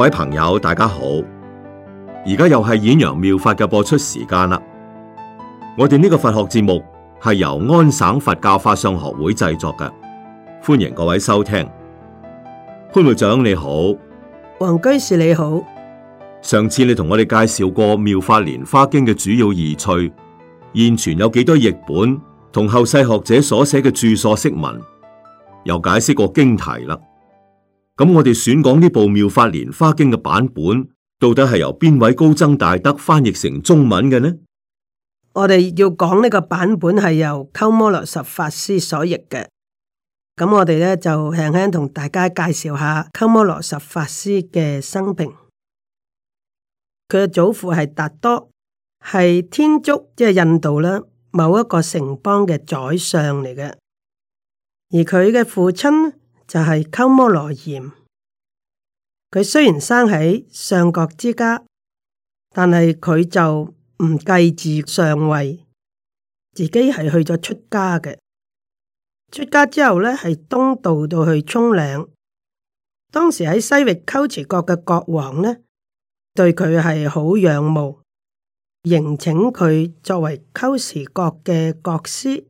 各位朋友，大家好！而家又係演揚妙法嘅播出時間啦。我哋呢個佛學節目係由安省佛教法上學會製作嘅，歡迎各位收聽。潘會長你好，黃居士你好。上次你同我哋介紹過妙法蓮華經嘅主要義趣，現存有幾多譯本，同後世學者所寫嘅注疏釋文，又解釋過經題啦。咁我哋選講呢部《妙法蓮花經》嘅版本，到底係由邊位高僧大德翻譯成中文嘅呢？我哋要講呢個版本係由鳩摩羅什法師所譯嘅。咁我哋呢就輕輕同大家介紹下鳩摩羅什法師嘅生平。佢嘅祖父係達多，係天竺即係印度啦，某一個城邦嘅宰相嚟嘅。而佢嘅父親，就係鳩摩羅炎，佢雖然生喺上國之家，但係佢就唔繼自上位，自己係去咗出家嘅。出家之後呢，係東渡到去蔥嶺。當時喺西域龜茲國嘅國王呢，對佢係好仰慕，迎請佢作為龜茲國嘅國師。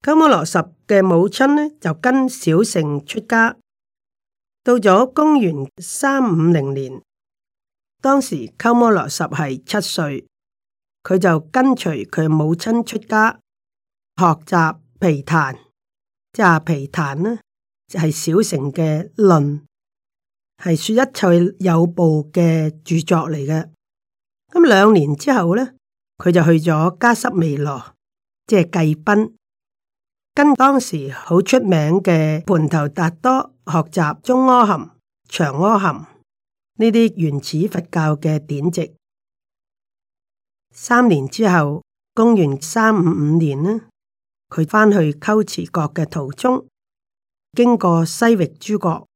鳩摩羅什嘅母親呢，就跟小乘出家，到咗公元三五零年，當時鳩摩羅什係七歲，佢就跟隨佢母親出家學習毗曇，即係毗曇呢，就係、是、小乘嘅論，係說一切有部嘅著作嚟嘅。咁兩年之後呢，佢就去咗迦濕彌羅，即係罽賓。跟當時好出名嘅盤頭達多學習中阿含、長阿含呢啲原始佛教嘅典籍。三年之後，公元三五五年呢，佢返去龜茲國嘅途中，經過西域諸國，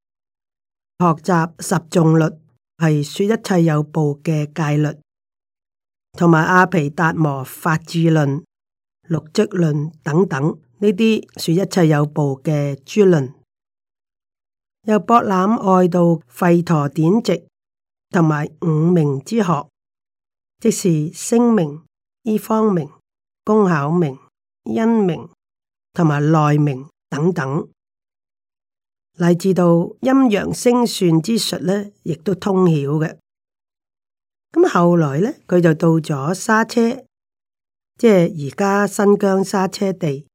學習十誦律，係説一切有部嘅戒律，同埋阿毗達磨發智論、六足論等等。呢啲說一切有部嘅諸論，又博覽外道吠陀典籍，同埋五明之學，即是聲明、醫方明、工巧明、因明同埋內明等等，乃至到陰陽星算之術呢，亦都通曉嘅。咁後來呢，佢就到咗沙車，即係而家新疆沙車地。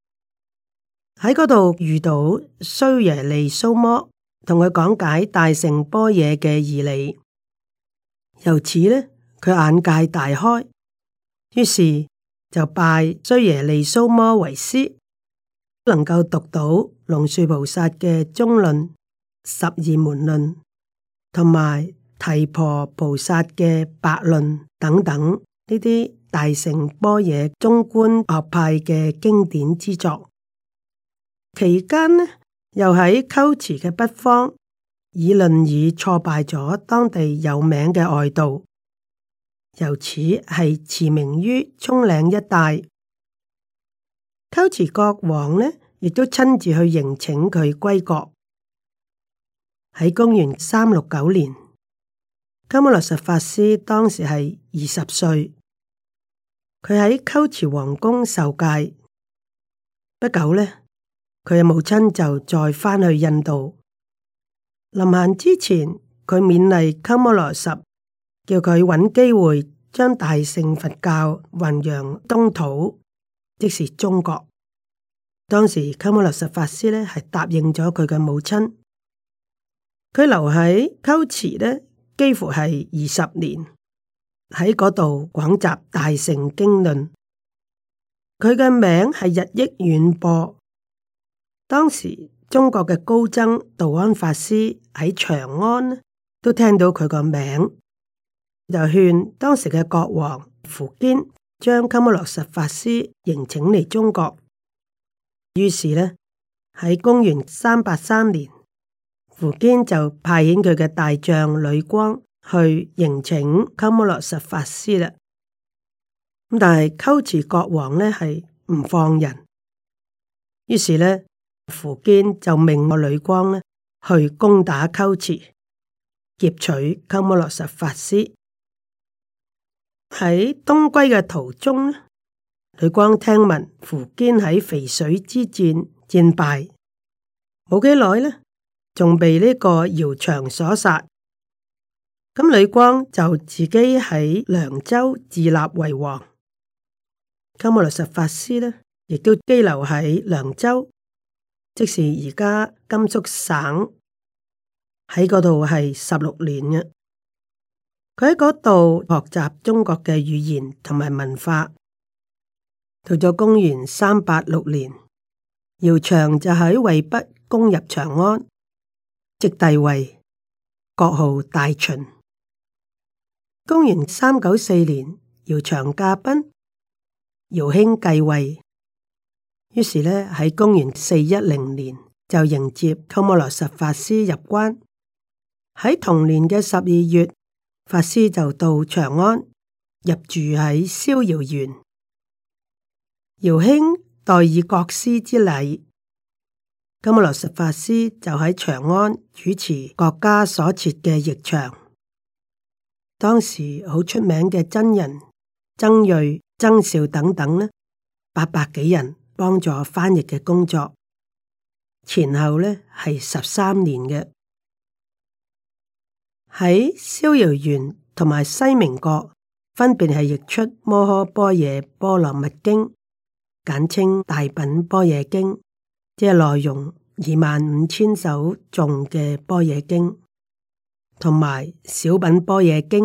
喺嗰度遇到衰耶利蘇摩，同佢講解大乘般若嘅義理，由此咧佢眼界大開，於是就拜衰耶利蘇摩為師，能夠讀到龍樹菩薩嘅中論、十二門論，同埋提婆菩薩嘅百論等等呢啲大乘般若中觀學派嘅經典之作。期間呢，又喺鳩池嘅北方以論語挫敗咗當地有名嘅外道，由此係馳名於蔥嶺一帶。鳩池國王呢，亦都親自去迎請佢歸國。喺公元三六九年，鳩摩羅什法師當時係二十歲，佢喺鳩池皇宮受戒不久呢。佢嘅母親就再返去印度，臨行之前，佢勉勵鳩摩羅什，叫佢揾機會將大乘佛教弘揚東土，即是中國。當時鳩摩羅什法師呢係答應咗佢嘅母親，佢留喺鳩池呢幾乎係二十年，喺嗰度廣集大乘經論。佢嘅名係日益遠播。當時中國嘅高僧道安法師喺長安都聽到佢個名，就勸當時嘅國王苻堅將鳩摩羅什法師迎請嚟中國。於是呢，喺公元三八三年，苻堅就派遣佢嘅大將呂光去迎請鳩摩羅什法師啦。咁但係龜茲國王呢，係唔放人，於是呢。苻堅就命我呂光咧去攻打龜茲，劫取鳩摩羅什法師。喺東歸嘅途中咧，呂光聽聞苻堅喺淝水之戰戰敗，冇幾耐咧，仲被呢個姚萇所殺。咁呂光就自己喺涼州自立為王，鳩摩羅什法師咧亦都羈留喺涼州。即是而家甘肅省喺嗰度係十六年嘅，佢喺嗰度學習中國嘅語言同埋文化。到咗公元三八六年，姚萇就喺渭北攻入長安，即帝位，國號大秦。公元三九四年，姚萇駕崩，姚興繼位。於是呢，喺公元四一零年就迎接鳩摩羅什法師入關。喺同年嘅十二月，法師就到長安，入住喺逍遙園。姚興待以國師之禮。鳩摩羅什法師就喺長安主持國家所設嘅譯場。當時好出名嘅僧人僧睿、僧肇等等咧，八百幾人。幫助翻譯嘅工作，前後呢係十三年嘅。喺逍遙園同埋西明閣，分別係譯出《摩訶般若波羅蜜經》，簡稱《大品般若經》，即係內容二萬五千首頌嘅般若經，同埋《小品般若經》，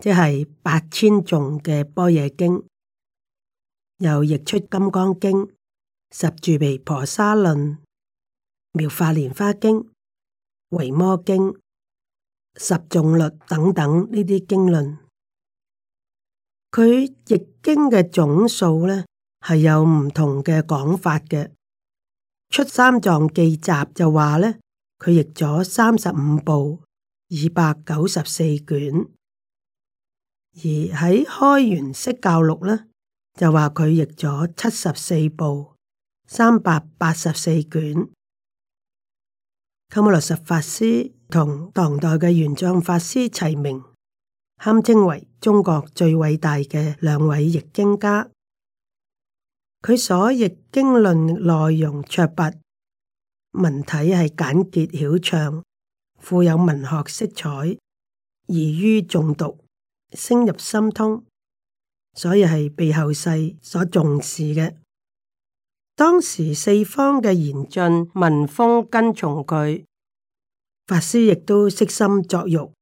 即係八千頌嘅般若經。又譯出《金剛經》《十住毗婆沙論》《妙法蓮華經》《維摩經》《十誦律》等等呢啲經論。佢譯經嘅總數呢，係有唔同嘅講法嘅。《出三藏記集》就話呢，佢譯咗三十五部二百九十四卷，而喺《開元釋教錄》呢。就話佢譯咗七十四部三百八十四卷，鳩摩羅什法師同唐代嘅玄奘法師齊名，堪稱為中國最偉大嘅兩位譯經家。佢所譯經論內容卓拔，文體係簡潔曉暢，富有文學色彩，易於誦讀，聲入心通。所以係被後世所重視嘅，當時四方嘅言進文風跟從佢，法師亦都悉心作育。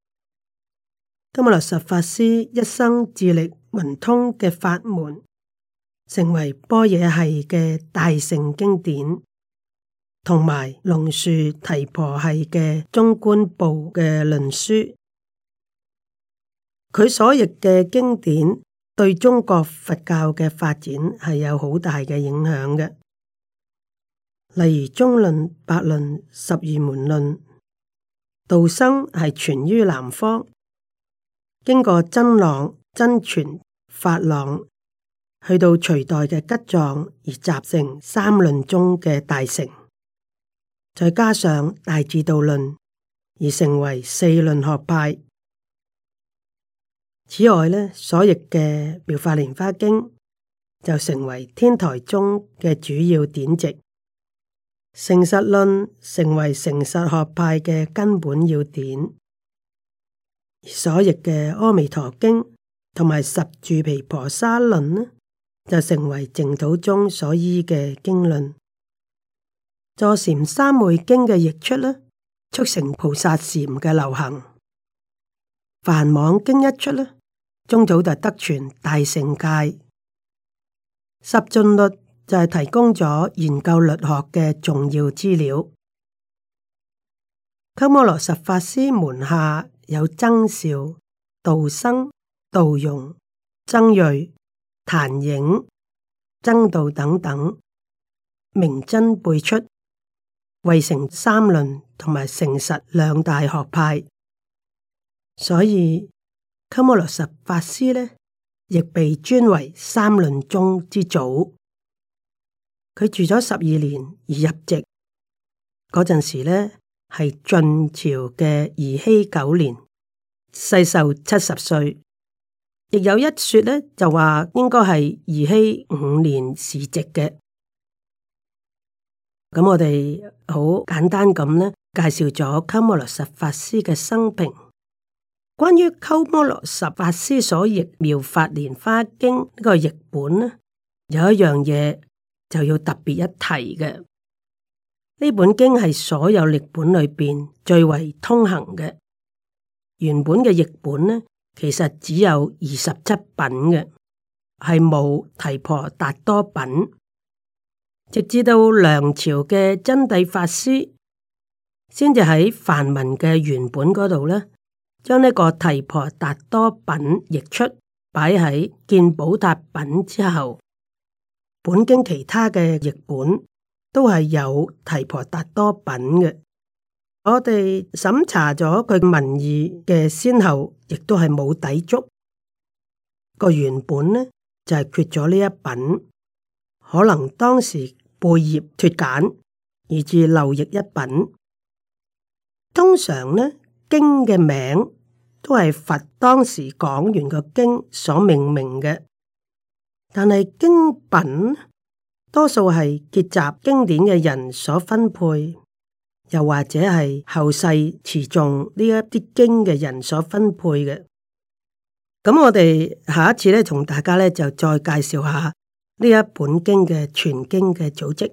今日羅什法師一生致力文通嘅法門，成為般若係嘅大乘經典，同埋龍樹提婆係嘅中觀部嘅論書，佢所譯嘅經典。對中國佛教嘅發展係有好大嘅影響嘅，例如中論、百論、十二門論，道生係存於南方，經過真朗、真傳、法朗，去到隋代嘅吉藏而集成三論宗嘅大成，再加上大智度論而成為四論學派。此外呢，所譯嘅《妙法蓮花經》就成為天台宗嘅主要典籍，《成實論》成為成實學派嘅根本要點，所譯嘅《阿彌陀經》同埋《十住毗婆沙論》呢，就成為淨土宗所依嘅經論，《坐禪三昧經》嘅譯出呢，促成菩薩禪嘅流行。梵網經一出呢，中土就係得傳大乘戒，十誦律就係提供咗研究律學嘅重要資料。鳩摩羅什法師門下有僧肇、道生、道融、僧睿、曇影、僧導等等，名僧輩出，為成三論同埋成實兩大學派。所以鳩摩羅什法師咧，亦被尊為三論宗之祖。佢住咗十二年而入籍嗰陣時咧，係晉朝嘅義熙九年，世壽七十歲。亦有一說咧，就話應該係義熙五年逝世嘅。咁我哋好簡單咁咧，介紹咗鳩摩羅什法師嘅生平。關於鳩摩羅什法師所譯《妙法蓮花經》呢個譯本呢，有一樣嘢就要特別一提嘅。呢本經係所有譯本裏邊最為通行嘅。原本嘅譯本呢，其實只有二十七品嘅，係冇提婆達多品。直至到梁朝嘅真諦法師，先至喺梵文嘅原本嗰度呢。將呢個提婆達多品譯出擺喺見寶塔品之後，本經其他嘅譯本都係有提婆達多品嘅。我哋審查咗佢文義嘅先後，亦都係冇抵觸。個原本呢就係、是、缺咗呢一品，可能當時貝葉脫簡以至漏譯一品。通常呢，經嘅名都係佛當時講完嘅經所命名嘅，但係經品多數係結集經典嘅人所分配，又或者係後世持誦呢一啲經嘅人所分配嘅。咁我哋下一次咧，同大家咧就再介紹下呢一本經嘅全經嘅組織。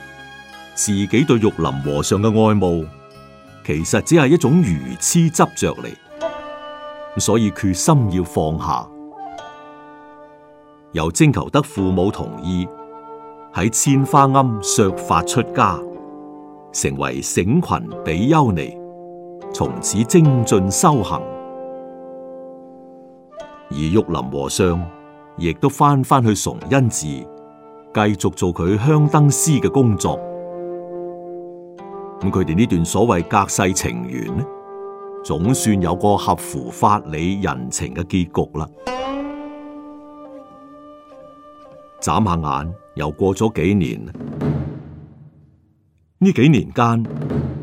自己對玉林和尚嘅愛慕，其實只係一種愚癡執着嚟，所以決心要放下。又徵求得父母同意，喺千花庵削髮出家，成為醒群比丘尼，從此精進修行。而玉林和尚亦都返返去崇恩寺，繼續做佢香燈師嘅工作。咁佢哋呢段所謂隔世情緣呢，總算有個合乎法理人情嘅結局啦。眨下 眼，又過咗幾年。呢幾年間，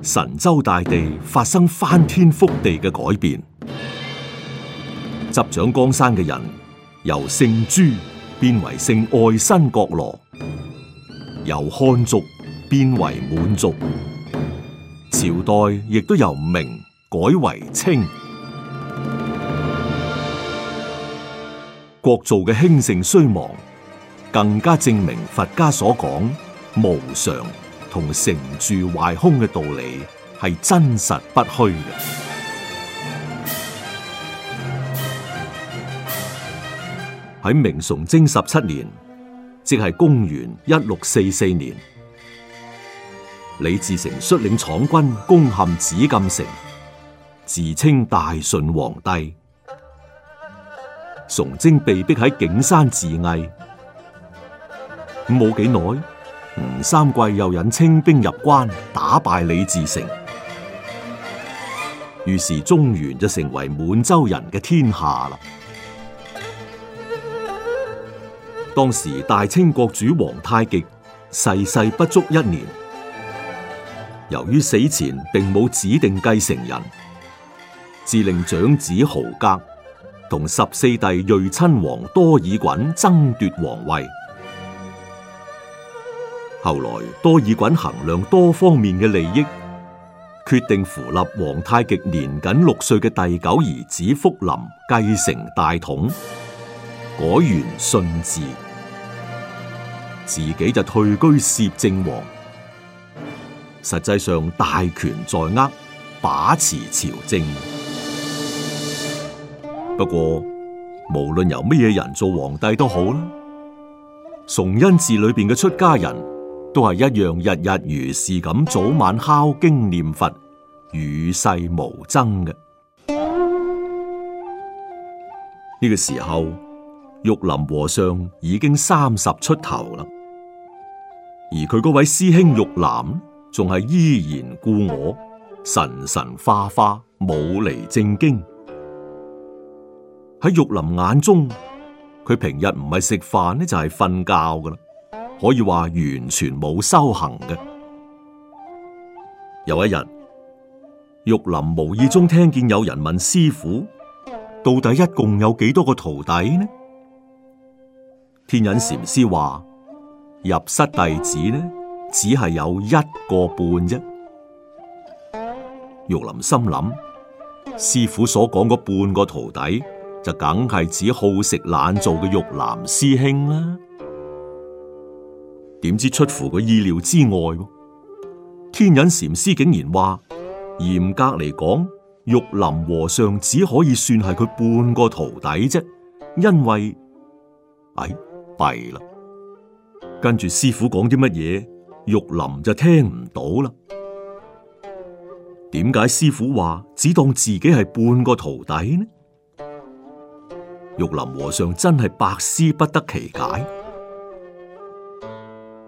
神州大地發生翻天覆地嘅改變。執掌江山嘅人由姓朱變為姓愛新覺羅，由漢族變為滿族。朝代亦都由明改為清，國造嘅興盛衰亡，更加證明佛家所講無常同成住壞空嘅道理係真實不虛嘅。喺明崇禎十七年，即係公元一六四四年。李自成率領闖軍攻陷紫禁城，自稱大順皇帝。崇禎被逼喺景山自縊。冇幾耐，吳三桂又引清兵入關，打敗李自成。於是中原就成為滿洲人嘅天下啦。當時大清國主皇太極逝世不足一年。由於死前並冇指定繼承人，致令長子豪格同十四弟睿親王多爾袞爭奪皇位。後來多爾袞衡量多方面嘅利益，決定扶立皇太極年僅六歲嘅第九兒子福臨繼承大統，改元順治，自己就退居攝政王。實際上大權在握，把持朝政。不過無論由乜嘢人做皇帝都好啦，崇恩寺裏邊嘅出家人都係一樣，日日如是咁早晚敲經念佛，與世無爭嘅。呢個時候，玉林和尚已經三十出頭啦，而佢嗰位師兄玉蘭。仲係依然故我，神神花花，冇離正經。喺玉林眼中，佢平日唔係食飯呢，就係瞓覺噶啦，可以話完全冇修行嘅。有一日，玉林無意中聽見有人問師父：「到底一共有幾多個徒弟呢？」天隱禪師話：入室弟子呢？只係有一個半啫。玉林心諗，師傅所講嗰半個徒弟就梗係指好食懶做嘅玉林師兄啦。點知出乎佢意料之外，天隱禪師竟然話，嚴格嚟講，玉林和尚只可以算係佢半個徒弟啫，因為哎，弊啦。跟住師傅講啲乜嘢？玉林就聽唔到啦。點解師傅話只當自己係半個徒弟呢？玉林和尚真係百思不得其解。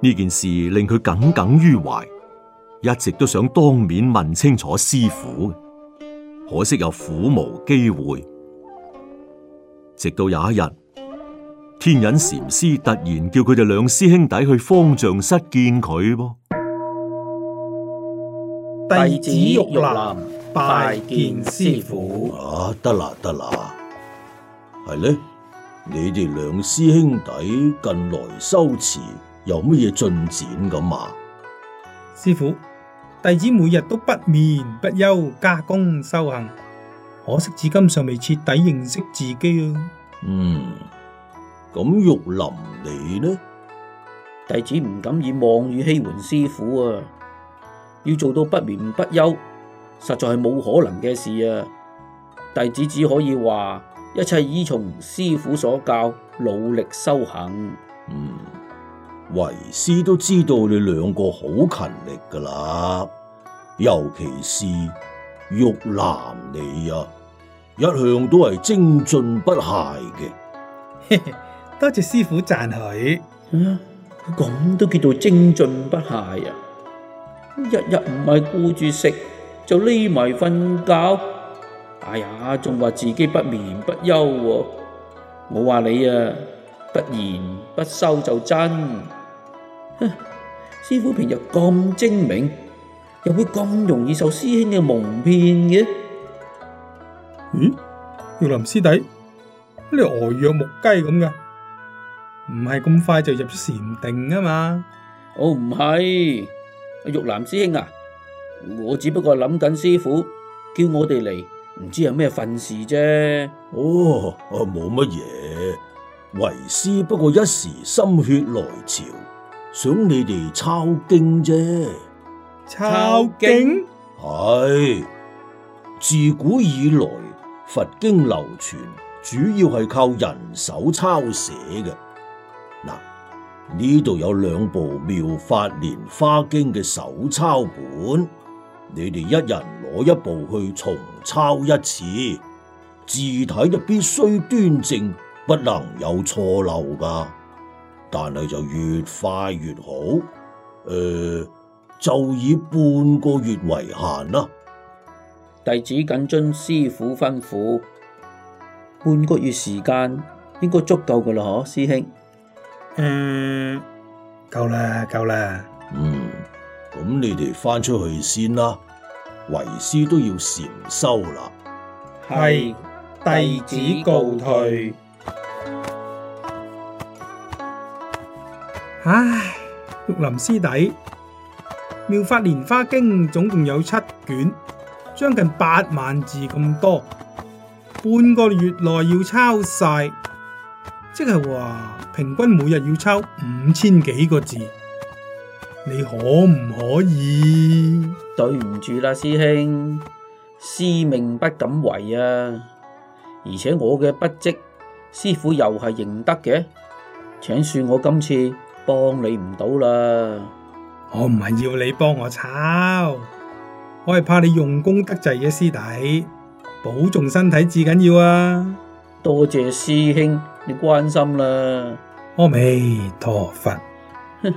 呢件事令佢耿耿於懷，一直都想當面問清楚師傅。可惜又苦無機會。直到有一日。天隱禪師突然叫佢哋兩師兄弟去方丈室見佢噃。弟子玉林拜見師傅。啊，得啦得啦，係呢，你哋兩師兄弟近來修持有乜嘢進展噉呀？師傅，弟子每日都不眠不休加工修行，可惜至今尚未徹底認識自己啊。嗯。咁玉林你呢？弟子唔敢以妄語欺瞞師傅啊！要做到不眠不休，實在係冇可能嘅事啊！弟子只可以話一切依從師傅所教，努力修行。嗯，為師都知道你兩個好勤力噶啦，尤其是玉林你啊，一向都係精進不懈嘅。 多謝師父讚許啊！咁都叫做精進不懈啊！日日唔係顧住食就匿埋瞓覺，哎呀，仲話自己不眠不休。我話你啊，不言不修就真。哼，師父平日咁精明，又會咁容易受師兄嘅蒙騙嘅？咦，玉林師弟，你呆若木雞咁噶？唔係咁快就入禪定啊嘛！哦，唔係玉林師兄啊，我只不過諗緊師傅叫我哋嚟，唔知有咩份事啫。哦，冇乜嘢，為師不過一時心血來潮，想你哋抄經啫。抄經？係，自古以來佛經流傳，主要係靠人手抄寫嘅。呢度有兩部《妙法蓮華經》嘅手抄本，你哋一人攞一部去重抄一次，字體就必須端正，不能有錯漏噶但係就越快越好。誒、呃，就以半個月為限啦、啊。弟子謹遵師父吩咐，半個月時間應該足夠噶啦，嗬，師兄。誒，夠啦，夠啦。嗯，咁你哋返出去先啦，為師都要禪修啦。係，弟子告退。唉，玉林師弟，妙法蓮花經總共有七卷，將近八萬字咁多，半個月內要抄晒。即係話平均每日要抄五千幾個字，你可唔可以？對唔住啦，師兄，師命不敢違啊！而且我嘅筆跡師傅又係認得嘅，請恕我今次幫你唔到啦。我唔係要你幫我抄，我係怕你用功得滯嘅師弟，保重身體至緊要啊！多謝師兄。你關心啦，阿彌陀佛。哼，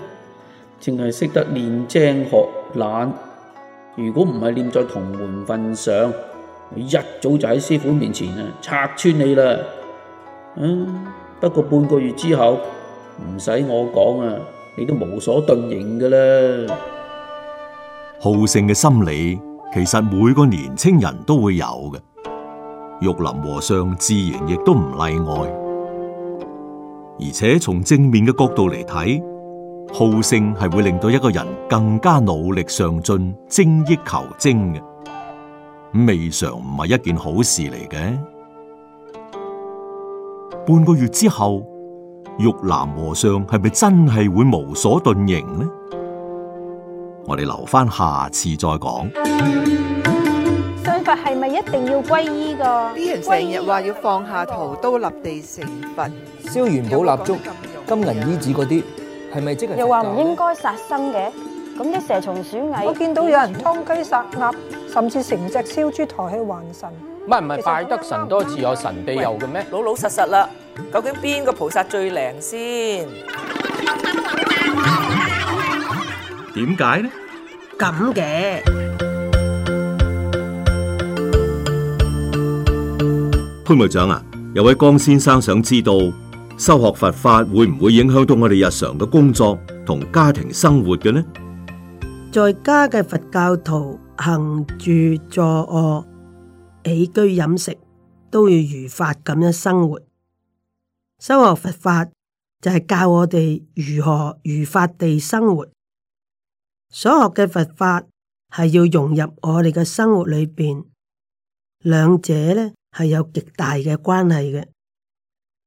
淨係識得練精學懶。如果唔係念在同門份上，我一早就喺師父面前啊，拆穿你啦。嗯，不過半個月之後唔使我講啊，你都無所遁形噶啦。好勝嘅心理，其實每個年輕人都會有嘅。玉林和尚自然亦都唔例外。而且從正面嘅角度嚟睇，好勝係會令到一個人更加努力上進、精益求精嘅，未嘗唔係一件好事嚟嘅。半個月之後，玉林和尚係咪真係會無所遁形呢？我哋留翻下次再講。佛係咪一定要皈依噶？啲人成日話要放下屠刀立地成佛，燒元寶蠟燭、金銀衣紙嗰啲，係咪即係？又話唔應該殺生嘅，咁啲蛇蟲鼠蟻，我見到有人劏雞殺鴨，甚至成隻燒豬抬去還神。唔係唔係，拜得神多自有神庇佑嘅咩？老老實實啦，究竟邊個菩薩最靈先？點解呢？咁嘅。潘會長啊，有位江先生想知道修學佛法會唔會影響到我哋日常嘅工作同家庭生活嘅呢？在家嘅佛教徒行住坐臥起居飲食都要如法咁樣生活。修學佛法就係教我哋如何如法地生活。所學嘅佛法係要融入我哋嘅生活裏邊，兩者呢。係有極大嘅關係嘅，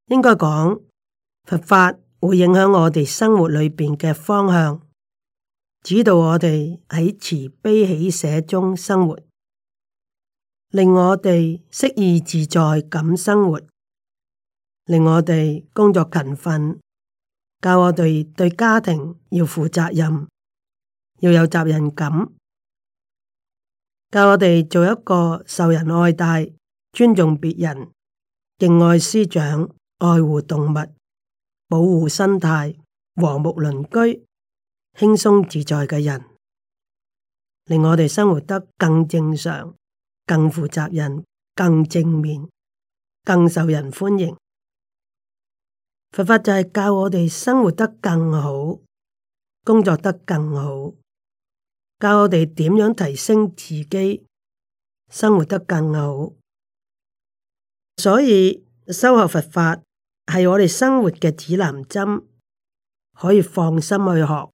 應該講佛法會影響我哋生活裏邊嘅方向，指導我哋喺慈悲喜捨中生活，令我哋適宜自在咁生活，令我哋工作勤奮，教我哋對家庭要負責任，要有責任感，教我哋做一個受人愛戴。尊重別人，敬愛師長，愛護動物，保護生態，和睦鄰居，輕鬆自在嘅人，令我哋生活得更正常、更負責任、更正面、更受人歡迎。佛法就係教我哋生活得更好，工作得更好，教我哋點樣提升自己，生活得更好。所以修學佛法係我哋生活嘅指南針，可以放心去學，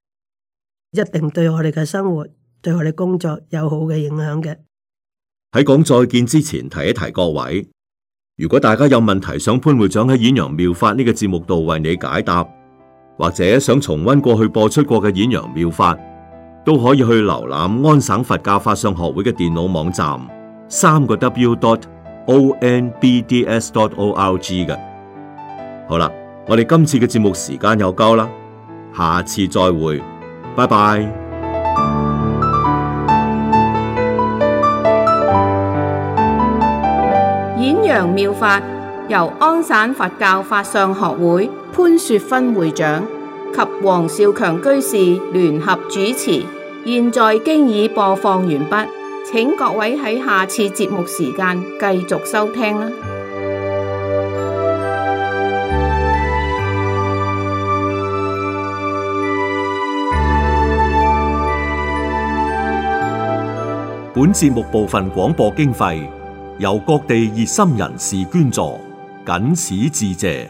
一定對我哋嘅生活、對我哋工作有好嘅影響嘅。喺講再見之前，提一提各位，如果大家有問題，想潘會長喺《演揚妙法》呢個節目度為你解答，或者想重溫過去播出過嘅《演揚妙法》，都可以去瀏覽安省佛教法相學會嘅電腦網站，三個 W dot。O N B D S. dot o r g 嘅。好啦，我哋今次嘅節目時間又夠啦，下次再會，拜拜。演揚妙法由安省佛教法相學會潘雪芬會長及黃少強居士聯合主持，現在經已播放完畢。請各位喺下次節目時間繼續收聽啦。本節目部分廣播經費由各地熱心人士捐助，僅此致謝。